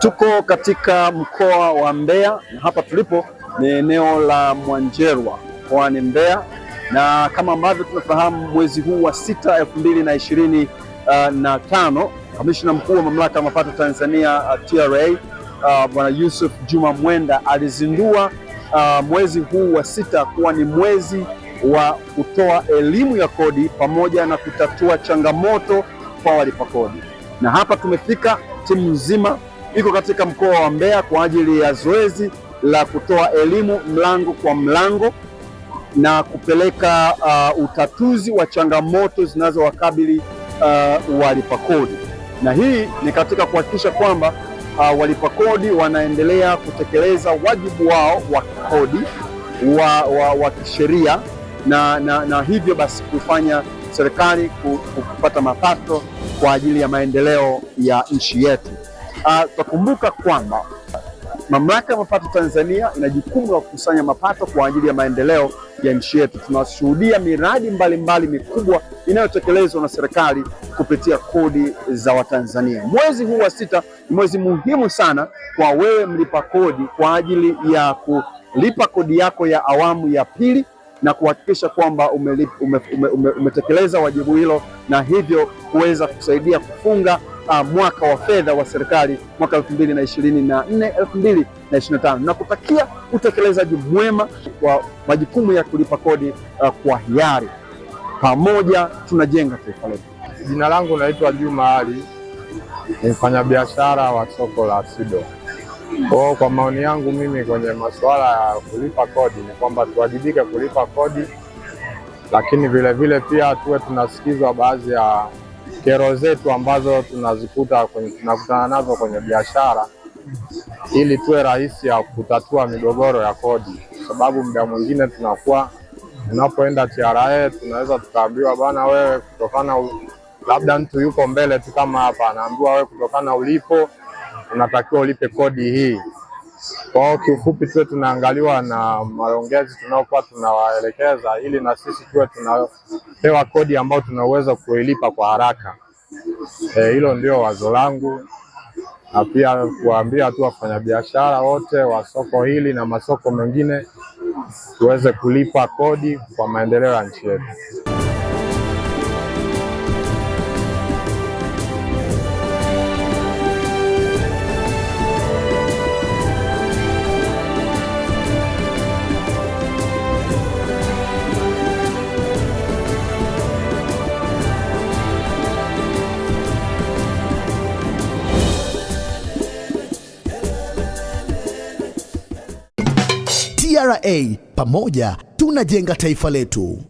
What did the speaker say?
Tuko katika mkoa wa Mbeya na hapa tulipo ni eneo la Mwanjerwa mkoani Mbeya, na kama ambavyo tunafahamu mwezi huu wa sita elfu mbili na ishirini uh, na tano kamishina mkuu wa mamlaka ya mapato Tanzania uh, TRA uh, bwana Yusuf Juma Mwenda alizindua uh, mwezi huu wa sita kuwa ni mwezi wa kutoa elimu ya kodi pamoja na kutatua changamoto kwa walipa kodi, na hapa tumefika timu nzima iko katika mkoa wa Mbeya kwa ajili ya zoezi la kutoa elimu mlango kwa mlango na kupeleka uh, utatuzi wa changamoto zinazowakabili uh, walipa kodi, na hii ni katika kuhakikisha kwamba uh, walipa kodi wanaendelea kutekeleza wajibu wao wa kodi wa, wa, wa kisheria na, na, na hivyo basi kufanya serikali kupata mapato kwa ajili ya maendeleo ya nchi yetu. Ah, Tutakumbuka kwamba Mamlaka ya Mapato Tanzania ina jukumu la kukusanya mapato kwa ajili ya maendeleo ya nchi yetu. Tunashuhudia miradi mbalimbali mikubwa inayotekelezwa na serikali kupitia kodi za Watanzania. Mwezi huu wa sita ni mwezi muhimu sana kwa wewe mlipa kodi kwa ajili ya kulipa kodi yako ya awamu ya pili na kuhakikisha kwamba umetekeleza ume, ume, ume, wajibu hilo na hivyo kuweza kusaidia kufunga uh, mwaka wa fedha wa serikali mwaka 2024 2025, na kutakia utekelezaji mwema wa majukumu ya kulipa kodi uh, kwa hiari. Pamoja tunajenga taifa letu. Jina langu naitwa Juma Ali, ni mfanyabiashara wa soko la SIDO. Kwa kwa maoni yangu mimi kwenye masuala ya kulipa kodi ni kwamba tuwajibike kulipa kodi, lakini vilevile vile pia tuwe tunasikizwa baadhi ya kero zetu ambazo tunazikuta tunakutana nazo kwenye biashara, ili tuwe rahisi ya kutatua migogoro ya kodi, sababu muda mwingine tunakuwa tunapoenda TRA tunaweza tukaambiwa, bwana wewe, kutokana labda mtu yuko mbele tu kama hapa, anaambiwa wewe, kutokana ulipo unatakiwa ulipe kodi hii kwa kiufupi, tuwe tunaangaliwa na maongezi tunaokuwa tunawaelekeza, ili na sisi tuwe tunapewa kodi ambayo tunaweza kuilipa kwa haraka. E, hilo ndio wazo langu, na pia kuambia tu wafanyabiashara wote wa soko hili na masoko mengine tuweze kulipa kodi kwa maendeleo ya nchi yetu. TRA pamoja tunajenga taifa letu.